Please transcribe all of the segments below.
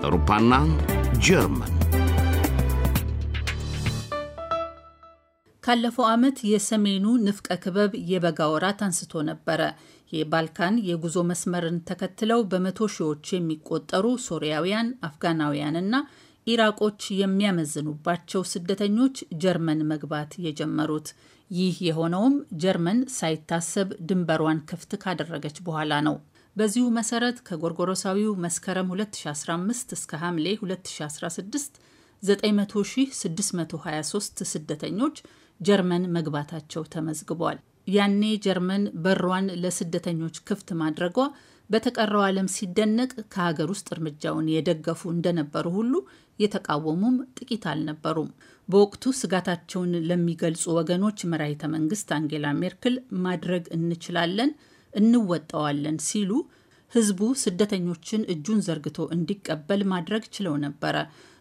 አውሮፓና ጀርመን ካለፈው ዓመት የሰሜኑ ንፍቀ ክበብ የበጋ ወራት አንስቶ ነበረ። የባልካን የጉዞ መስመርን ተከትለው በመቶ ሺዎች የሚቆጠሩ ሶሪያውያን፣ አፍጋናውያንና ኢራቆች የሚያመዝኑባቸው ስደተኞች ጀርመን መግባት የጀመሩት። ይህ የሆነውም ጀርመን ሳይታሰብ ድንበሯን ክፍት ካደረገች በኋላ ነው። በዚሁ መሰረት ከጎርጎሮሳዊው መስከረም 2015 እስከ ሐምሌ 2016 9623 ስደተኞች ጀርመን መግባታቸው ተመዝግቧል። ያኔ ጀርመን በሯን ለስደተኞች ክፍት ማድረጓ በተቀረው ዓለም ሲደነቅ ከሀገር ውስጥ እርምጃውን የደገፉ እንደነበሩ ሁሉ የተቃወሙም ጥቂት አልነበሩም። በወቅቱ ስጋታቸውን ለሚገልጹ ወገኖች መራሂተ መንግስት አንጌላ ሜርክል ማድረግ እንችላለን፣ እንወጣዋለን ሲሉ ህዝቡ ስደተኞችን እጁን ዘርግቶ እንዲቀበል ማድረግ ችለው ነበረ።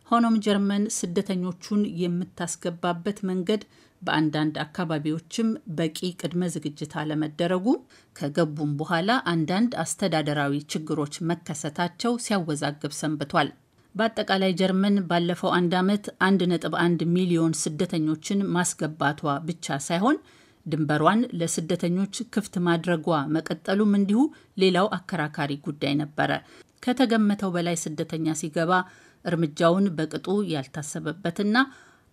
ሆኖም ጀርመን ስደተኞቹን የምታስገባበት መንገድ በአንዳንድ አካባቢዎችም በቂ ቅድመ ዝግጅት አለመደረጉ ከገቡም በኋላ አንዳንድ አስተዳደራዊ ችግሮች መከሰታቸው ሲያወዛግብ ሰንብቷል። በአጠቃላይ ጀርመን ባለፈው አንድ ዓመት 1.1 ሚሊዮን ስደተኞችን ማስገባቷ ብቻ ሳይሆን ድንበሯን ለስደተኞች ክፍት ማድረጓ መቀጠሉም እንዲሁ ሌላው አከራካሪ ጉዳይ ነበረ። ከተገመተው በላይ ስደተኛ ሲገባ እርምጃውን በቅጡ ያልታሰበበትና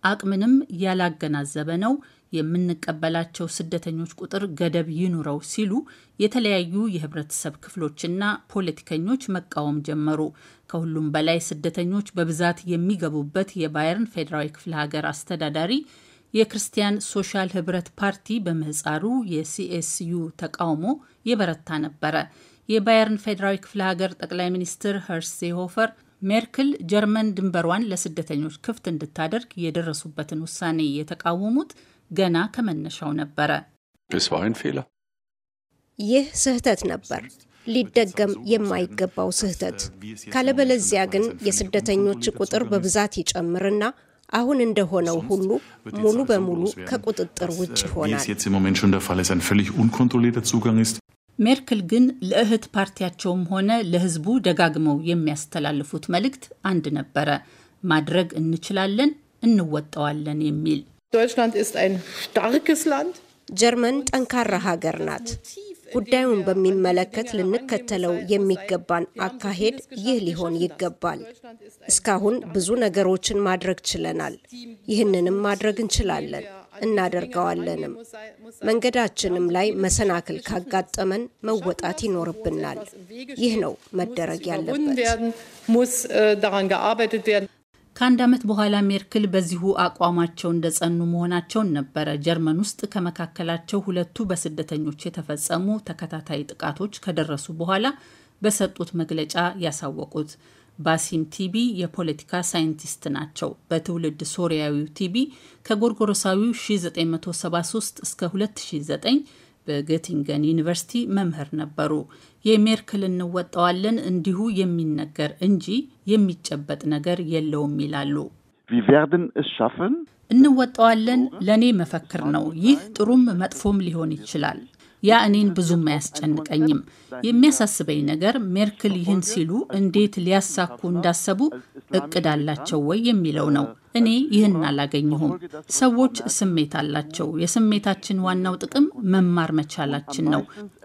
አቅምንም ያላገናዘበ ነው። የምንቀበላቸው ስደተኞች ቁጥር ገደብ ይኑረው ሲሉ የተለያዩ የህብረተሰብ ክፍሎችና ፖለቲከኞች መቃወም ጀመሩ። ከሁሉም በላይ ስደተኞች በብዛት የሚገቡበት የባየርን ፌዴራዊ ክፍለ ሀገር አስተዳዳሪ የክርስቲያን ሶሻል ህብረት ፓርቲ በምህፃሩ የሲኤስዩ ተቃውሞ የበረታ ነበረ። የባየርን ፌዴራዊ ክፍለ ሀገር ጠቅላይ ሚኒስትር ሆፈር ሜርክል ጀርመን ድንበሯን ለስደተኞች ክፍት እንድታደርግ የደረሱበትን ውሳኔ የተቃወሙት ገና ከመነሻው ነበረ። ይህ ስህተት ነበር፣ ሊደገም የማይገባው ስህተት። ካለበለዚያ ግን የስደተኞች ቁጥር በብዛት ይጨምርና አሁን እንደሆነው ሁሉ ሙሉ በሙሉ ከቁጥጥር ውጭ ይሆናል። ሜርክል ግን ለእህት ፓርቲያቸውም ሆነ ለህዝቡ ደጋግመው የሚያስተላልፉት መልእክት አንድ ነበረ፣ ማድረግ እንችላለን፣ እንወጣዋለን የሚል። ጀርመን ጠንካራ ሀገር ናት። ጉዳዩን በሚመለከት ልንከተለው የሚገባን አካሄድ ይህ ሊሆን ይገባል። እስካሁን ብዙ ነገሮችን ማድረግ ችለናል። ይህንንም ማድረግ እንችላለን። እናደርገዋለንም። መንገዳችንም ላይ መሰናክል ካጋጠመን መወጣት ይኖርብናል። ይህ ነው መደረግ ያለበት። ከአንድ ዓመት በኋላ ሜርክል በዚሁ አቋማቸው እንደጸኑ መሆናቸውን ነበረ። ጀርመን ውስጥ ከመካከላቸው ሁለቱ በስደተኞች የተፈጸሙ ተከታታይ ጥቃቶች ከደረሱ በኋላ በሰጡት መግለጫ ያሳወቁት። ባሲም ቲቢ የፖለቲካ ሳይንቲስት ናቸው። በትውልድ ሶሪያዊው ቲቢ ከጎርጎሮሳዊው 1973 እስከ 2009 በገቲንገን ዩኒቨርሲቲ መምህር ነበሩ። የሜርክል እንወጣዋለን እንዲሁ የሚነገር እንጂ የሚጨበጥ ነገር የለውም ይላሉ። ቪቨርድን እሻፍን እንወጣዋለን ለእኔ መፈክር ነው። ይህ ጥሩም መጥፎም ሊሆን ይችላል። ያ እኔን ብዙም አያስጨንቀኝም። የሚያሳስበኝ ነገር ሜርክል ይህን ሲሉ እንዴት ሊያሳኩ እንዳሰቡ እቅድ አላቸው ወይ የሚለው ነው። እኔ ይህን አላገኘሁም። ሰዎች ስሜት አላቸው። የስሜታችን ዋናው ጥቅም መማር መቻላችን ነው።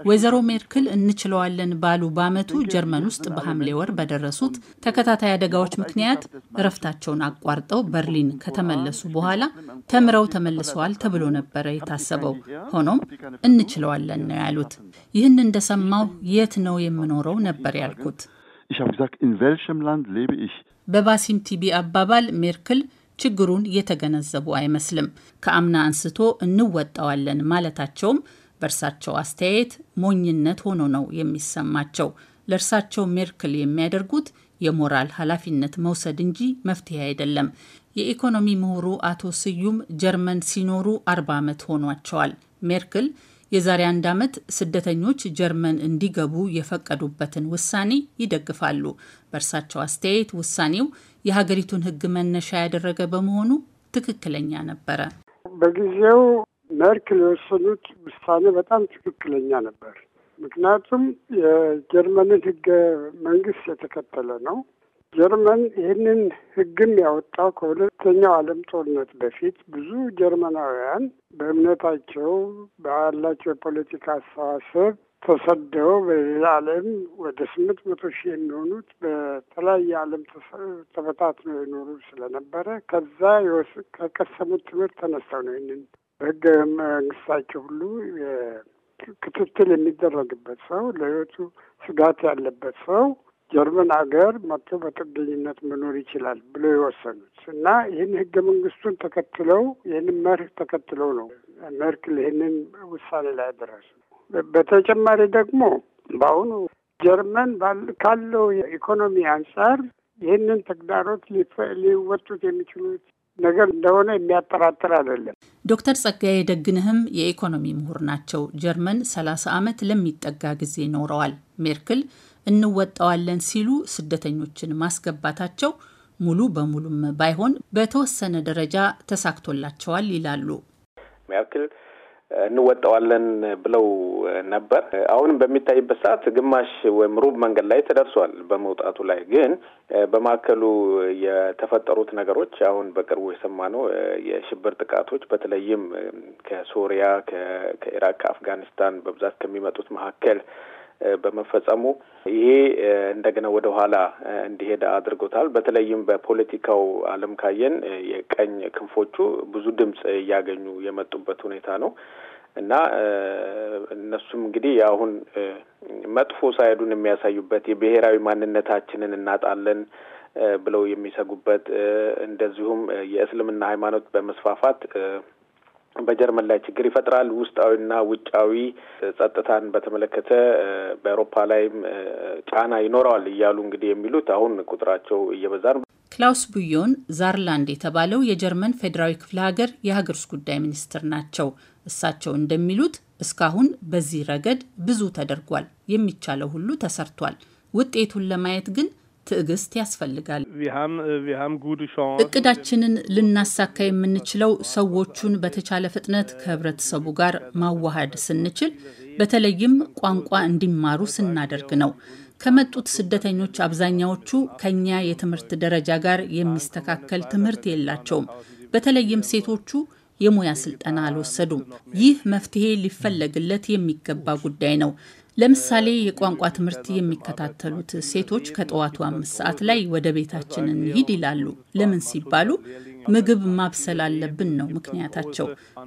ወይዘሮ ሜርክል እንችለዋለን ባሉ በአመቱ ጀርመን ውስጥ በሐምሌ ወር በደረሱት ተከታታይ አደጋዎች ምክንያት እረፍታቸውን አቋርጠው በርሊን ከተመለሱ በኋላ ተምረው ተመልሰዋል ተብሎ ነበረ የታሰበው። ሆኖም እንችለዋለን ነው ያሉት። ይህን እንደሰማው የት ነው የምኖረው ነበር ያልኩት። በባሲም ቲቢ አባባል ሜርክል ችግሩን የተገነዘቡ አይመስልም። ከአምና አንስቶ እንወጣዋለን ማለታቸውም በእርሳቸው አስተያየት ሞኝነት ሆኖ ነው የሚሰማቸው። ለእርሳቸው ሜርክል የሚያደርጉት የሞራል ኃላፊነት መውሰድ እንጂ መፍትሄ አይደለም። የኢኮኖሚ ምሁሩ አቶ ስዩም ጀርመን ሲኖሩ አርባ ዓመት ሆኗቸዋል። ሜርክል የዛሬ አንድ ዓመት ስደተኞች ጀርመን እንዲገቡ የፈቀዱበትን ውሳኔ ይደግፋሉ። በእርሳቸው አስተያየት ውሳኔው የሀገሪቱን ሕግ መነሻ ያደረገ በመሆኑ ትክክለኛ ነበረ። በጊዜው ሜርክል የወሰኑት ውሳኔ በጣም ትክክለኛ ነበር። ምክንያቱም የጀርመንን ሕገ መንግስት የተከተለ ነው። ጀርመን ይህንን ህግም ያወጣው ከሁለተኛው ዓለም ጦርነት በፊት ብዙ ጀርመናውያን በእምነታቸው ባላቸው የፖለቲካ አስተሳሰብ ተሰደው በሌላ ዓለም ወደ ስምንት መቶ ሺህ የሚሆኑት በተለያየ ዓለም ተበታትነው የኖሩ ስለነበረ ከዛ ከቀሰሙት ትምህርት ተነስተው ነው ይህንን በህገ መንግስታቸው ሁሉ ክትትል የሚደረግበት ሰው ለህይወቱ ስጋት ያለበት ሰው ጀርመን አገር መጥቶ በጥገኝነት መኖር ይችላል ብሎ የወሰኑት እና ይህን ህገ መንግስቱን ተከትለው ይህንን መርህ ተከትለው ነው ሜርክል ይህንን ውሳኔ ላይ ደረሱ። በተጨማሪ ደግሞ በአሁኑ ጀርመን ካለው የኢኮኖሚ አንጻር ይህንን ተግዳሮት ሊወጡት የሚችሉት ነገር እንደሆነ የሚያጠራጥር አይደለም። ዶክተር ጸጋዬ የደግንህም የኢኮኖሚ ምሁር ናቸው። ጀርመን ሰላሳ ዓመት ለሚጠጋ ጊዜ ኖረዋል። ሜርክል እንወጣዋለን ሲሉ ስደተኞችን ማስገባታቸው ሙሉ በሙሉም ባይሆን በተወሰነ ደረጃ ተሳክቶላቸዋል ይላሉ። ሜርክል እንወጣዋለን ብለው ነበር። አሁንም በሚታይበት ሰዓት ግማሽ ወይም ሩብ መንገድ ላይ ተደርሷል። በመውጣቱ ላይ ግን በማዕከሉ የተፈጠሩት ነገሮች አሁን በቅርቡ የሰማነው የሽብር ጥቃቶች በተለይም ከሶሪያ፣ ከኢራቅ፣ ከአፍጋኒስታን በብዛት ከሚመጡት መካከል በመፈጸሙ ይሄ እንደገና ወደ ኋላ እንዲሄድ አድርጎታል። በተለይም በፖለቲካው ዓለም ካየን የቀኝ ክንፎቹ ብዙ ድምፅ እያገኙ የመጡበት ሁኔታ ነው እና እነሱም እንግዲህ አሁን መጥፎ ሳይዱን የሚያሳዩበት የብሔራዊ ማንነታችንን እናጣለን ብለው የሚሰጉበት እንደዚሁም የእስልምና ሃይማኖት በመስፋፋት በጀርመን ላይ ችግር ይፈጥራል። ውስጣዊና ውጫዊ ጸጥታን በተመለከተ በአውሮፓ ላይም ጫና ይኖረዋል እያሉ እንግዲህ የሚሉት አሁን ቁጥራቸው እየበዛ ነው። ክላውስ ቡዮን ዛርላንድ የተባለው የጀርመን ፌዴራዊ ክፍለ ሀገር የሀገር ውስጥ ጉዳይ ሚኒስትር ናቸው። እሳቸው እንደሚሉት እስካሁን በዚህ ረገድ ብዙ ተደርጓል፣ የሚቻለው ሁሉ ተሰርቷል። ውጤቱን ለማየት ግን ትዕግስት ያስፈልጋል። eh, እቅዳችንን ልናሳካ የምንችለው ሰዎቹን በተቻለ ፍጥነት ከህብረተሰቡ ጋር ማዋሃድ ስንችል፣ በተለይም ቋንቋ እንዲማሩ ስናደርግ ነው። ከመጡት ስደተኞች አብዛኛዎቹ ከኛ የትምህርት ደረጃ ጋር የሚስተካከል ትምህርት የላቸውም። በተለይም ሴቶቹ የሙያ ስልጠና አልወሰዱም። ይህ መፍትሄ ሊፈለግለት የሚገባ ጉዳይ ነው። ለምሳሌ የቋንቋ ትምህርት የሚከታተሉት ሴቶች ከጠዋቱ አምስት ሰዓት ላይ ወደ ቤታችን እንሂድ ይላሉ። ለምን ሲባሉ ምግብ ማብሰል አለብን ነው ምክንያታቸው።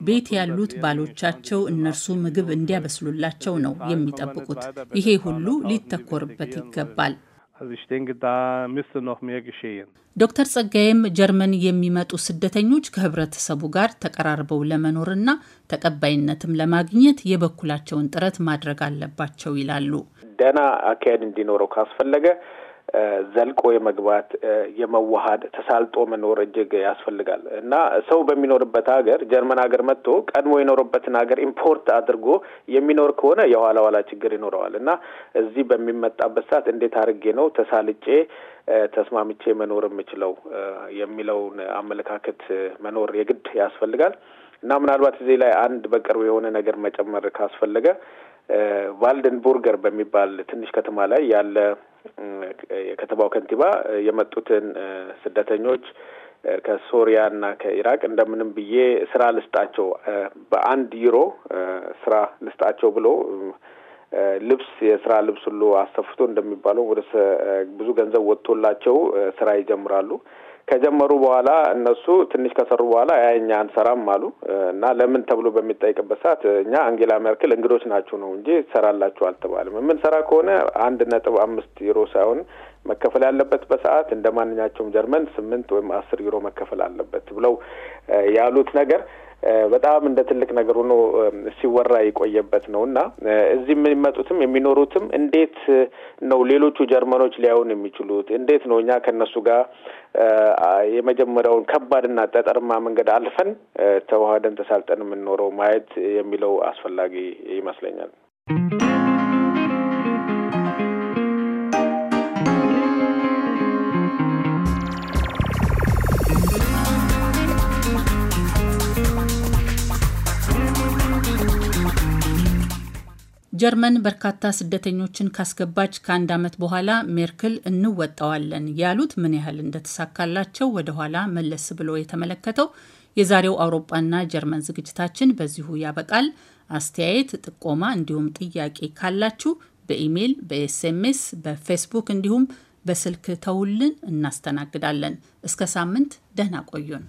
ቤት ያሉት ባሎቻቸው እነርሱ ምግብ እንዲያበስሉላቸው ነው የሚጠብቁት። ይሄ ሁሉ ሊተኮርበት ይገባል። Also ich denke, da müsste noch mehr geschehen. ዶክተር ጸጋዬም ጀርመን የሚመጡ ስደተኞች ከህብረተሰቡ ጋር ተቀራርበው ለመኖርና ተቀባይነትም ለማግኘት የበኩላቸውን ጥረት ማድረግ አለባቸው ይላሉ። ደህና አካሄድ እንዲኖረው ካስፈለገ ዘልቆ የመግባት የመዋሀድ ተሳልጦ መኖር እጅግ ያስፈልጋል እና ሰው በሚኖርበት ሀገር ጀርመን ሀገር መጥቶ ቀድሞ የኖረበትን ሀገር ኢምፖርት አድርጎ የሚኖር ከሆነ የኋላ ኋላ ችግር ይኖረዋል እና እዚህ በሚመጣበት ሰዓት እንዴት አድርጌ ነው ተሳልጬ ተስማምቼ መኖር የምችለው የሚለውን አመለካከት መኖር የግድ ያስፈልጋል እና ምናልባት እዚህ ላይ አንድ በቅርብ የሆነ ነገር መጨመር ካስፈለገ ቫልደንቡርገር በሚባል ትንሽ ከተማ ላይ ያለ የከተማው ከንቲባ የመጡትን ስደተኞች ከሶሪያና ከኢራቅ እንደምንም ብዬ ስራ ልስጣቸው በአንድ ዩሮ ስራ ልስጣቸው ብሎ ልብስ የስራ ልብስ ሁሉ አሰፍቶ እንደሚባለው ወደ ብዙ ገንዘብ ወጥቶላቸው ስራ ይጀምራሉ። ከጀመሩ በኋላ እነሱ ትንሽ ከሰሩ በኋላ ያ እኛ አንሰራም አሉ እና ለምን ተብሎ በሚጠይቅበት ሰዓት እኛ አንጌላ ሜርክል እንግዶች ናችሁ ነው እንጂ ሰራላችሁ አልተባለም። የምንሰራ ከሆነ አንድ ነጥብ አምስት ዩሮ ሳይሆን መከፈል ያለበት በሰዓት እንደ ማንኛቸውም ጀርመን ስምንት ወይም አስር ዩሮ መከፈል አለበት ብለው ያሉት ነገር በጣም እንደ ትልቅ ነገር ሆኖ ሲወራ የቆየበት ነው እና እዚህ የሚመጡትም የሚኖሩትም እንዴት ነው ሌሎቹ ጀርመኖች ሊያዩን የሚችሉት? እንዴት ነው እኛ ከነሱ ጋር የመጀመሪያውን ከባድና ጠጠርማ መንገድ አልፈን ተዋህደን ተሳልጠን የምንኖረው ማየት የሚለው አስፈላጊ ይመስለኛል። ጀርመን በርካታ ስደተኞችን ካስገባች ከአንድ ዓመት በኋላ ሜርክል እንወጣዋለን ያሉት ምን ያህል እንደተሳካላቸው ወደኋላ መለስ ብሎ የተመለከተው የዛሬው አውሮጳና ጀርመን ዝግጅታችን በዚሁ ያበቃል። አስተያየት፣ ጥቆማ እንዲሁም ጥያቄ ካላችሁ በኢሜይል፣ በኤስኤምኤስ፣ በፌስቡክ እንዲሁም በስልክ ተውልን፣ እናስተናግዳለን። እስከ ሳምንት ደህና ቆዩን።